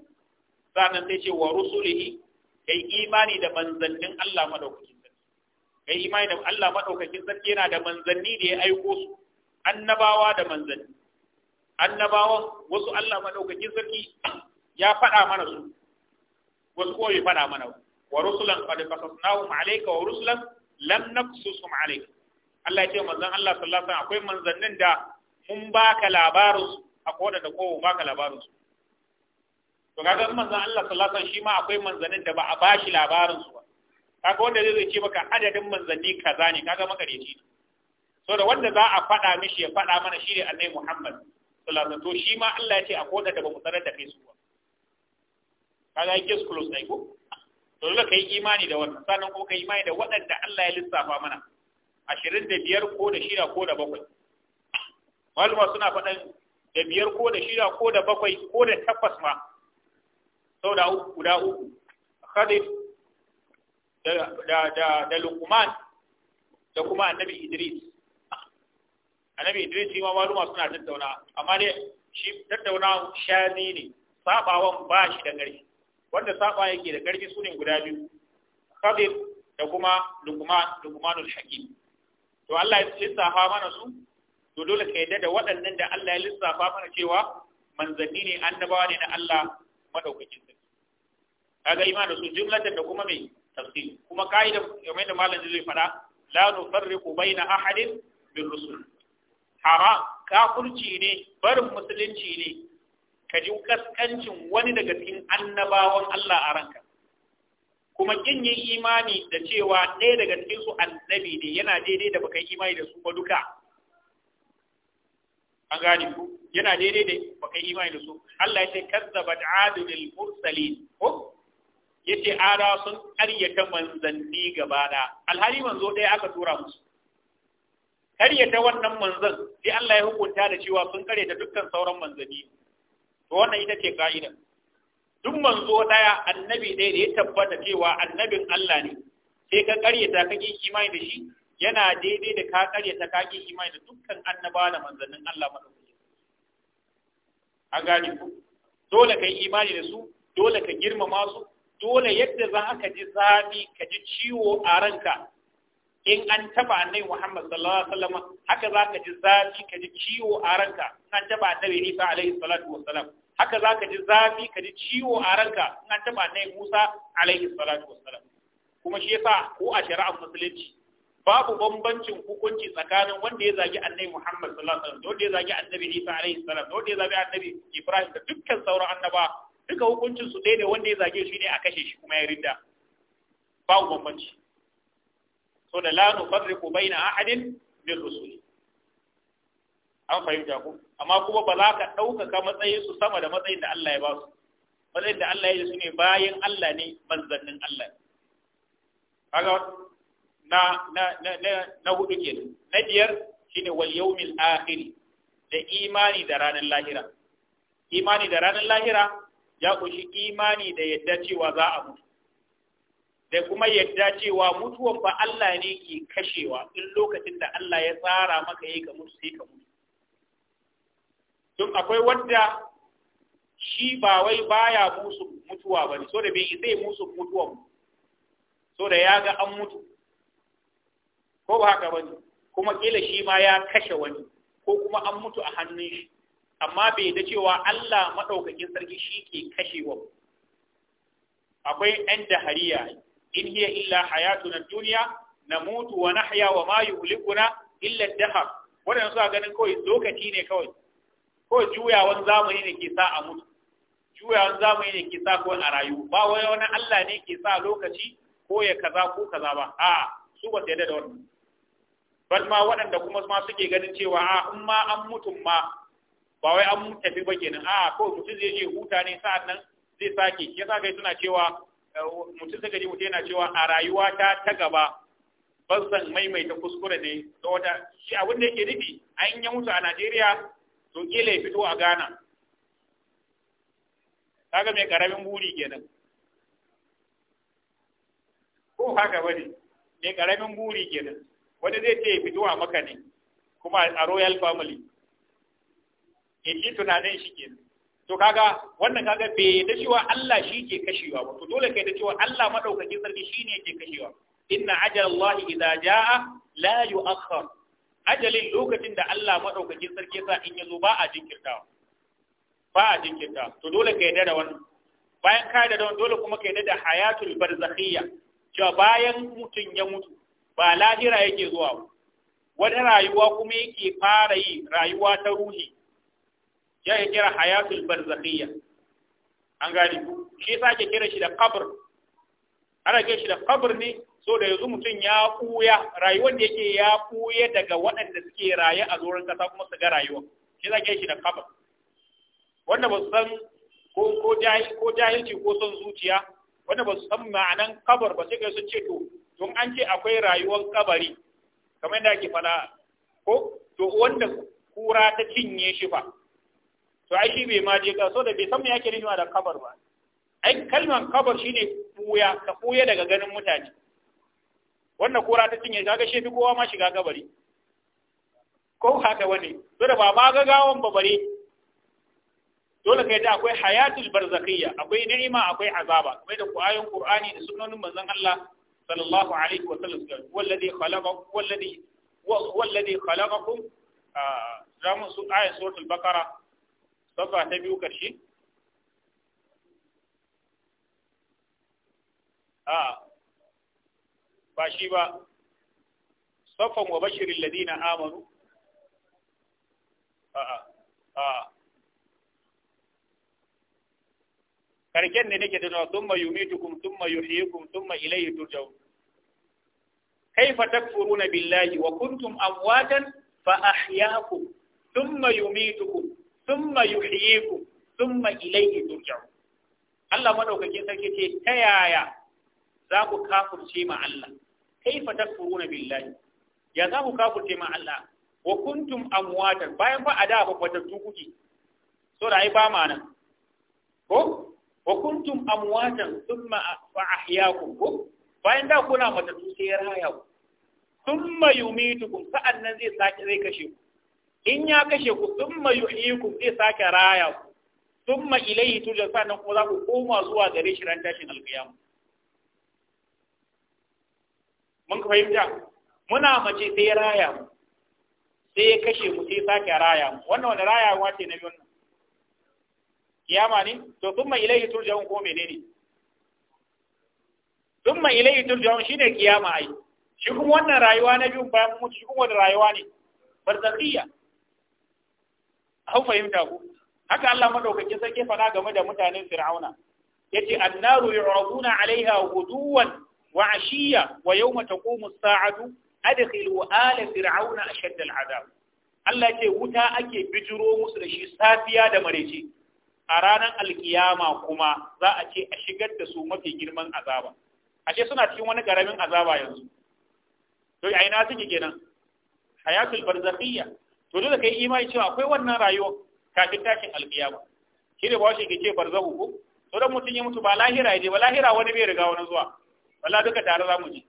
sannan sai ce wa rusulihi kai imani da manzannin Allah madaukakin sarki kai imani da Allah madaukakin sarki yana da manzanni da ya aiko su annabawa da manzanni annabawa wasu Allah madaukakin sarki ya faɗa mana su wasu ko bai faɗa mana su. wa rusulan qad qasasnahum alayka wa rusulan lam naqsusum alayka Allah ya ce manzon Allah sallallahu alaihi wasallam akwai manzannin da mun baka labarin su akwai wadanda ko baka labarin su to kaga manzon Allah sallallahu alaihi wasallam shi akwai manzannin da ba a bashi labarin su ba kaga wanda zai ce maka adadin manzanni kaza ne kaga makareci ne so da wanda za a faɗa mishi ya faɗa mana shi ne annabi Muhammad sallallahu alaihi wasallam to shi Allah ya ce akwai wadanda ba mu sanar da kai su ba kaga yake close dai ko dole ka yi imani da wannan sannan kuma ka yi imani da waɗanda Allah ya lissafa mana ashirin da biyar ko da shida ko da bakwai maluma suna faɗan da biyar ko da shida ko da bakwai ko da takwas ma sau da uku guda uku khalif da da da, da da kuma annabi idris annabi idris shi ma maluma suna tattauna amma dai shi tattauna shazi ne sabawan ba shi da ƙarfi wanda saba yake da karfi sunin guda biyu khabir da kuma luqman luqmanul hakim to Allah ya lissafa mana su to dole ka yadda da waɗannan da Allah ya lissafa mana cewa manzanni ne annabawa ne na Allah madaukakin sarki kaga imanin su jumlatan da kuma mai tafsir kuma kaida kamar da malamin zai fada la nufarriqu baina ahadin bil rusul haram kafirci ne barin musulunci ne ka ji kaskancin wani daga cikin annabawan Allah a ranka kuma kin yi imani da cewa ɗaya daga cikin su annabi ne yana daidai da baka yi imani da su ba duka an gane ku yana daidai da baka yi imani da su Allah ya ce kazzabat adil mursalin ko yace ara sun karyata manzanni gaba da alhali manzo ɗaya aka tura musu Karyata wannan manzan sai Allah ya hukunta da cewa sun karyata dukkan sauran manzanni to wannan ita ce ka'ida duk manzo daya annabi ɗaya da ya tabbata cewa annabin Allah ne sai ka karyata ka ki imani da shi yana daidai da ka karyata ka ki imani da dukkan annaba da manzannin Allah madaukaki a gane ku dole ka yi imani da su dole ka girmama su dole yadda za ka ji zafi ka ji ciwo a ranka in an taba annabi Muhammad sallallahu alaihi wasallam haka za ka ji zafi ka ji ciwo a ranka in an taba annabi Isa alaihi salatu wasallam haka za ka ji zafi ka ji ciwo a ranka in an taɓa nai musa alaihi salatu wassalam kuma shi yasa ko a shari'ar musulunci babu bambancin hukunci tsakanin wanda ya zagi annabi muhammad sallallahu alaihi wasallam da wanda ya zagi annabi isa alaihi salam da wanda ya zagi annabi ibrahim da dukkan sauran annaba duka hukuncin su ɗaya ne wanda ya zage shi ne a kashe shi kuma ya rinda babu bambanci so da la nufarriqu baina ahadin min rusuli an fahimta ku amma kuma ba za ka ɗaukaka matsayin su sama da matsayin da Allah ya ba su matsayin da Allah ya yi su ne bayan Allah ne manzannin Allah kaga na na na na, hudu ke na biyar shine wal yawmil akhir da imani da ranar lahira imani da ranar lahira ya kunshi imani da yadda cewa za a mutu da kuma yadda cewa mutuwan ba Allah ne ke kashewa in lokacin da Allah ya tsara maka yi ka mutu sai ka mutu don akwai wanda shi ba wai baya musu mutuwa ne so da bai zai musu mutuwa so da ya ga an mutu ko ba haka ba ne kuma kila shi ma ya kashe wani ko kuma an mutu a hannun shi amma bai da cewa Allah madaukakin sarki shi ke kashewa akwai ɗan dahariya in hiya illa hayatuna dunya namutu wa nahya wa ma yuhlikuna illa dahar wannan suka ganin kawai lokaci ne kawai ko juyawan zamani ne ke sa a mutu juyawan zamani ne ke sa ko a rayu ba wai wani Allah ne ke sa lokaci ko ya kaza ko kaza ba a su ba su yarda da wannan bar ma waɗanda kuma ma suke ganin cewa a in ma an mutum ma ba wai an tafi ba kenan a ko mutum zai je huta ne sa'an nan zai sake ya sa kai suna cewa mutum suka ji mutum yana cewa a rayuwa ta ta gaba ban san maimaita kuskure ne da wata shi abin da yake nufi an yi mutu a Najeriya to kila ya fito a Ghana kaga mai karamin buri kenan ko haka wani, mai karamin buri kenan wani zai ce ya fito a maka ne kuma a royal family Ya ji tunanin shi kenan to kaga wannan kaga bai da cewa Allah shi ke kashewa ba to dole kai da cewa Allah madaukakin sarki shine yake kashewa inna ajalallahi idza jaa la yu'akhkhar ajalin lokacin da Allah maɗaukakin sarki sa in ya zo ba a jinkirtawa ba a jinkirta to dole ka yarda da wannan bayan ka yarda da wannan dole kuma ka yarda da hayatul barzakhiyya cewa bayan mutum ya mutu ba lahira yake zuwa ba wani rayuwa kuma yake fara yi rayuwa ta ruhi ya yi kira hayatul barzakhiyya an gani shi sake kira shi da qabr ana kira shi da qabr ne so da yanzu mutum ya kuya rayuwar da yake ya kuya daga waɗanda suke raye a zoron kasa kuma su ga rayuwa shi za shi da kabar wanda ba su san ko ko jahilci ko son zuciya wanda ba su san ma'anan kabar ba sai kai sun ce to don an ce akwai rayuwar kabari kamar yadda ake fada ko to wanda kura ta cinye shi fa to ai shi bai ma je ka so da bai san me yake nufi da kabar ba ai kalman kabar shine buya ka buya daga ganin mutane wannan kura ta cinye kaga shi fi kowa ma shiga gabari ko haka wani dole ba ma ga ba babare dole kai da akwai hayatul barzakhiyya akwai ni'ima akwai azaba kamar da ayoyin qur'ani da sunnonin manzon Allah sallallahu alaihi wa sallam wallazi khalaqa wallazi wallazi khalaqakum ah, zamu su ayat suratul baqara safa ta biyu karshe ah, ba shi ba saffan wa bashirin ladina amanu a'a a'a karken ne nake tunawa thumma yumitukum thumma yuhyikum thumma ilayhi turja'un kaifa takfuruna billahi wa kuntum amwatan fa ahyaakum thumma yumitukum thumma yuhyikum thumma ilayhi turja'un Allah madaukakin sarki ce ta yaya za ku kafirce ma Allah kaifa takfuruna billahi ya za ku kafurce ma Allah wa kuntum amwatan bayan ba a da ba kwata tukuki so da ai ba ma nan ko wa kuntum amwatan a fa ku ko bayan da kuna mata sai ya raya ku Sun thumma yumitukum nan zai sake zai kashe ku in ya kashe ku sun thumma yuhyikum zai sake raya ku Sun thumma ilayhi turja'un sannan kuma za ku koma zuwa gare shi ran tashin alqiyama mun ka fahimta muna mace sai ya raya mu sai ya kashe mu sai sake raya mu wannan wani rayawa ce na biyu nan kiyama ne to thumma ilayhi turja'un ko menene thumma ilayhi turja'un shine kiyama ai shi kuma wannan rayuwa na biyun bayan mu shi kuma wannan rayuwa ne barzakhiyya hau fahimta ku haka Allah madaukakin ke fada game da mutanen Fir'auna yace annaru yu'raduna 'alayha ghuduwan wa ashiya wa yawma taqumu as-sa'atu adkhilu ala fir'auna ashadda al Allah ce wuta ake bijiro musu da shi safiya da marece a ranan alkiyama kuma za a ce a shigar da su mafi girman azaba ashe suna cikin wani karamin azaba yanzu to a ina suke kenan hayatul barzakhiyya to dole kai imani cewa akwai wannan rayuwa kafin tashin alkiyama shi ne ba shi ke ce barzahu ko to dan mutun ya mutu ba lahira ya je ba lahira wani bai riga wani zuwa wala duka tare za mu je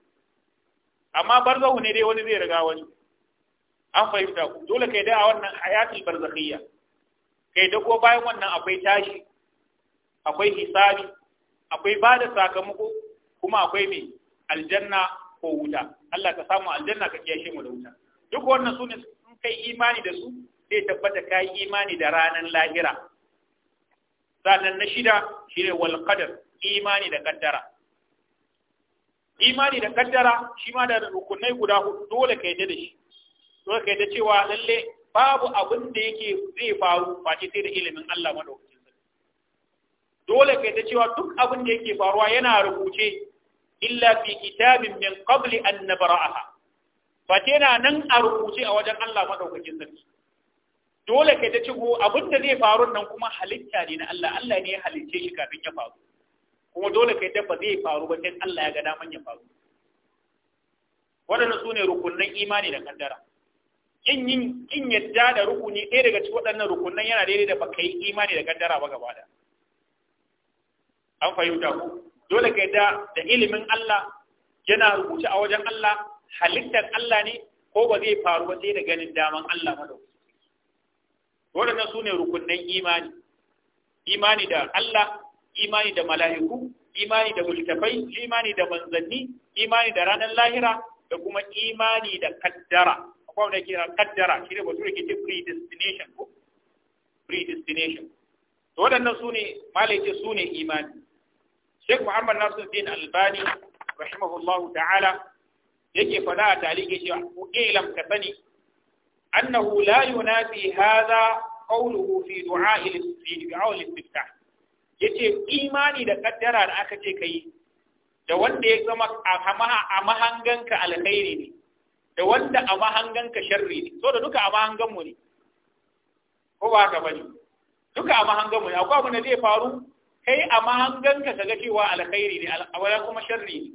amma barzahu ne dai wani zai riga wani an fahimta ku dole kai da a wannan hayati barzakhiyya kai da ko bayan wannan akwai tashi akwai hisabi akwai ba sakamako kuma akwai mai aljanna ko wuta Allah ka samu aljanna ka kiyashe mu da wuta duk wannan su ne sun kai imani da su sai tabbata ka imani da ranar lahira sannan na shida shine wal qadar imani da kaddara imani da kaddara shi ma da rukunai guda hudu dole ka yadda da shi dole ka yadda cewa lalle babu abin da yake zai faru face sai da ilimin Allah madaukakin sarki dole ka yadda cewa duk abin da yake faruwa yana rubuce illa fi kitabin min qabli an nabra'aha face na nan a rubuce a wajen Allah madaukakin sarki dole ka yadda cewa abin da zai faru nan kuma halitta ne na Allah Allah ne ya halicce shi kafin ya faru kuma dole kai dabba zai faru ba sai Allah ya ga daman ya faru waɗannan sune rukunnan imani da kaddara kin yin yadda da rukuni ɗaya daga cikin waɗannan rukunnan yana daidai da baka yi imani da kaddara ba gaba da an fahimta ku dole ka da da ilimin Allah yana rubuce a wajen Allah halittar Allah ne ko ba zai faru ba sai da ganin daman Allah Dole waɗannan sune rukunnan imani imani da Allah imani da mala'iku imani da mulkafai imani da manzanni imani da ranar lahira da kuma imani da kaddara akwai wanda ke kaddara shi ne bature ke predestination ko predestination to waɗannan su ne malaice su ne imani Sheikh Muhammad Nasiruddin Albani rahimahullahu ta'ala yake fada a talike cewa ku ilam ka sani annahu la yunafi hadha qawluhu fi du'a al-istiftah yace imani da kaddara da aka ce kai da wanda ya zama a mahanganka alkhairi ne da wanda a mahanganka sharri ne so da duka a mahanganmu ne ko ba ka bane duka a mahanganmu ne akwai abin da zai faru kai a mahanganka kaga cewa alkhairi ne alawala kuma sharri ne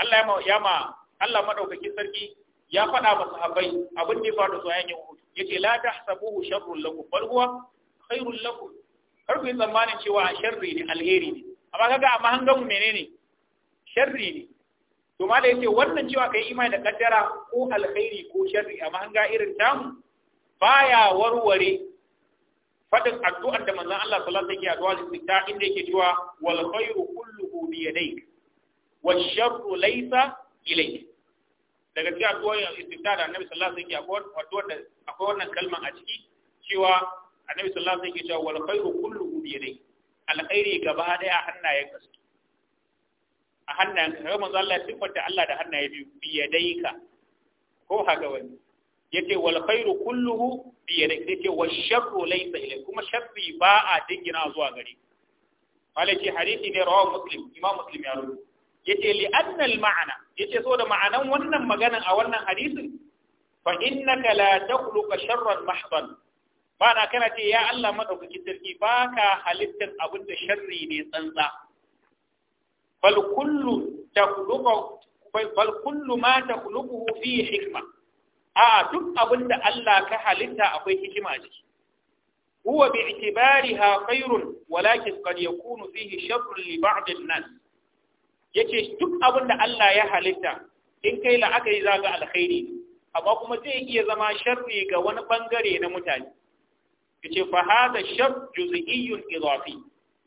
Allah ya ma ya ma Allah madaukakin sarki ya faɗa ba sahabbai abin da ya faru su yayin yace la tahsabuhu sharrun lakum bal huwa khairul lakum kar ku yi tsammanin cewa sharri ne alheri ne amma kaga amma hangan mu menene sharri ne to ma da yake wannan cewa kai imani da kaddara ko alheri ko sharri amma hanga irin tamu baya warware fadin addu'ar da manzon Allah sallallahu alaihi sallam yake addu'a inda yake cewa wal khairu kulluhu bi yadayk wash sharru laysa ilayk daga cikin addu'ar istifta da Annabi sallallahu alaihi wasallam yake akwai wannan kalman a ciki cewa annabi sallallahu alaihi wasallam yake cewa wal khairu kulluhu bi yadayhi alkhairi gaba daya a hannayen ka a hannayen ka manzo Allah ya sifanta Allah da hannaye biyu bi yadayka ko haka wani yace wal khairu kulluhu bi yadayka yace wash sharru laysa ilayka kuma sharri ba a dingina zuwa gare ka wala ce hadisi ne rawu muslim imam muslim ya rubuta yace li anna al ma'ana yace so da ma'anan wannan maganan a wannan hadisin fa innaka la takhluqa sharran mahdan ba kana ce ya Allah madaukakin sarki ba ka halittar abin da sharri ne tsantsa bal kullu ma ta kullu ma fi hikma a duk abin da Allah ka halitta akwai hikima ce. ciki huwa bi itibariha khairun walakin qad yakunu fihi sharrun li ba'd an-nas yace duk abin da Allah ya halitta in kai la'akari zaga alkhairi amma kuma zai iya zama sharri ga wani bangare na mutane yace fa hada shart juz'iyyun idafi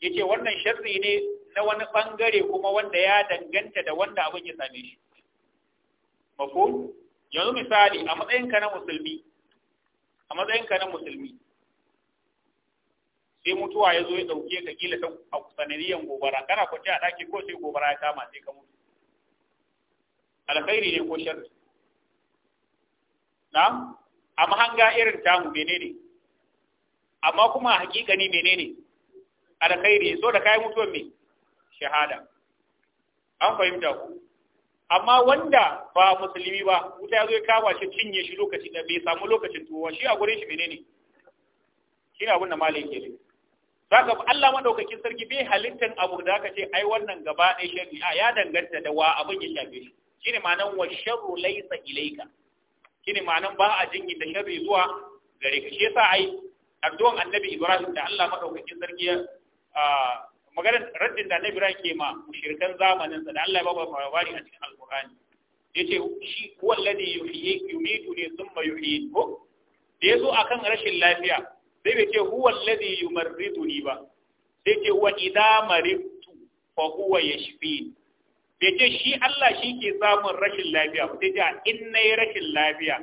yace wannan sharri ne na wani bangare kuma wanda ya danganta da wanda abin ya same shi mafhum yanzu misali a matsayinka na musulmi a ka na musulmi sai mutuwa ya zo ya dauke ka kila ta a sanadiyan gobara kana kwace a daki ko sai gobara ya kama sai ka mutu alkhairi ne ko sharri na amma hanga irin tamu menene ne amma kuma a hakikani menene alkhairi so da kayan mutuwan me shahada an fahimta ku amma wanda ba musulmi ba wuta ya zo ya kama shi cinye shi lokacin da bai samu lokacin tuwa shi a gure shi menene shi ne abin da malai ke ne zaka Allah madaukakin sarki bai halittan abu da aka ce ai wannan gaba ɗaya shari'a ya danganta da wa abin ya shafe shi shine ma'anan wa sharru laysa ilayka shine ma'anan ba a jingin da sharri zuwa gare ka shi yasa ai addu'an annabi ibrahim da Allah madaukakin sarki ya maganar raddin da annabi ibrahim ke ma mushrikan zamanin sa da Allah ya ba labari a cikin alqur'ani ce, shi huwa alladhi yuhyi yumitu ne thumma yuhyi ko da yazo akan rashin lafiya sai bai ce huwa alladhi yumarriduni ba sai ce wa idza maridtu fa huwa yashfini bai ce shi Allah shi ke samun rashin lafiya ba sai ce in nayi rashin lafiya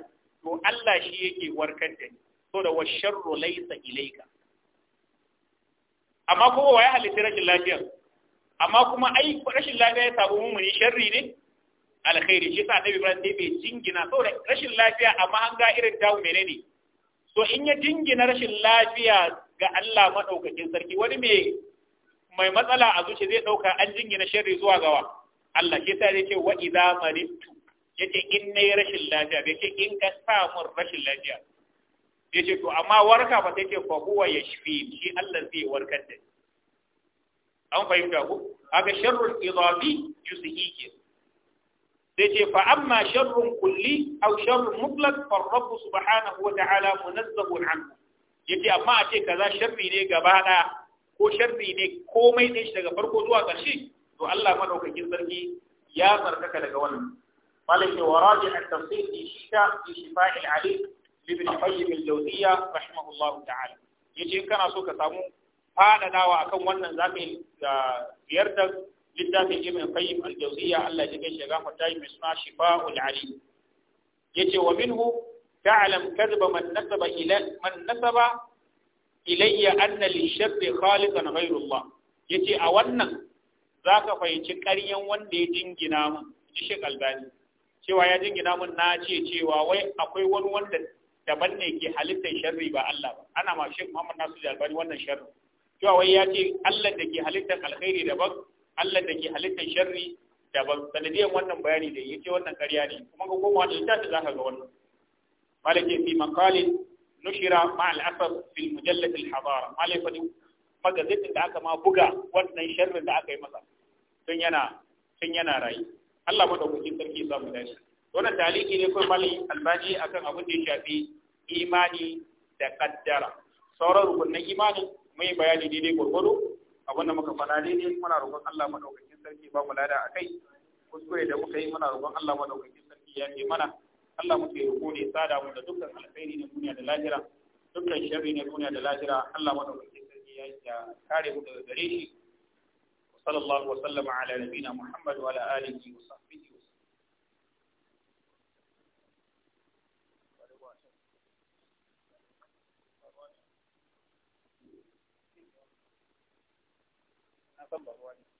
to Allah shi yake warkar da ni so da wa sharru laisa ilaika. amma kuma waye halitta rashin lafiyar amma kuma ai rashin lafiya ya samu ne sharri ne alkhairi shi sa annabi Ibrahim bai jingina saboda rashin lafiya amma an ga irin tawo menene so in ya jingina rashin lafiya ga Allah madaukakin sarki wani mai mai matsala a zuci zai dauka an jingina sharri zuwa gawa Allah shi sa ce wa idza maridtu yace in nayi rashin lafiya bai ce in ka samu rashin lafiya yace to amma warka fa take fa huwa yashfi shi Allah zai warkar da an fahimta ku haka sharrul idafi yusihiki sai ce fa amma sharrun kulli aw sharrun mutlaq fa rabb subhanahu wa ta'ala munazzahun anhu yace amma a ce kaza sharri ne gaba da ko sharri ne komai ne shi daga farko zuwa ƙarshe to Allah madaukakin sarki ya tsarkaka daga wannan malaka wa raji'a tafsir shi ka shi fa'il alim ibn qayyim al-jawziyya rahimahullahu ta'ala yace kana so ka samu fadadawa akan wannan zaka yi ah, ziyartar littafin ibn qayyim al-jawziyya Allah ya kai shiga fata mai suna shifa'ul ali yace wa minhu ta'lam kadhaba man nasaba ila man nasaba ilayya anna lisharri khaliqan ghayru Allah yace a wannan zaka fahimci ƙaryan wanda ya jingina mun shi Sheikh cewa ya jingina mun na ce cewa wai akwai wani wanda daban ne ke halittar sharri ba Allah ba ana ma Sheikh Muhammad Nasir Albani wannan sharri cewa wai ya ce Allah da ke halittar alkhairi daban Allah da ke halittar sharri daban sanadiyar wannan bayani da yake wannan ƙarya ne kuma ga komawa da littafi ka ga wannan malike fi maqalin nushira ma al-asab fil mujallad al-hadara malike fadi magazin da aka ma buga wannan sharrin da aka yi masa tun yana tun yana rayi Allah madaukakin sarki ya samu dace wannan taliki ne kuma mali albaji akan abin da ya shafi imani da kaddara sauran rukunin imani mun yi bayani daidai gwargwado abin da muka fara ne muna roƙon Allah madaukakin sarki ba mu lada akai kuskure da muka yi muna roƙon Allah madaukakin sarki ya ce mana Allah muke roƙo ne sada mu da dukkan alkhairi na duniya da lahira dukkan sharri na duniya da lahira Allah madaukakin sarki ya kare mu daga gare shi sallallahu wa sallama ala nabina Muhammad wa ala alihi wa sahbihi sallallahu alaihi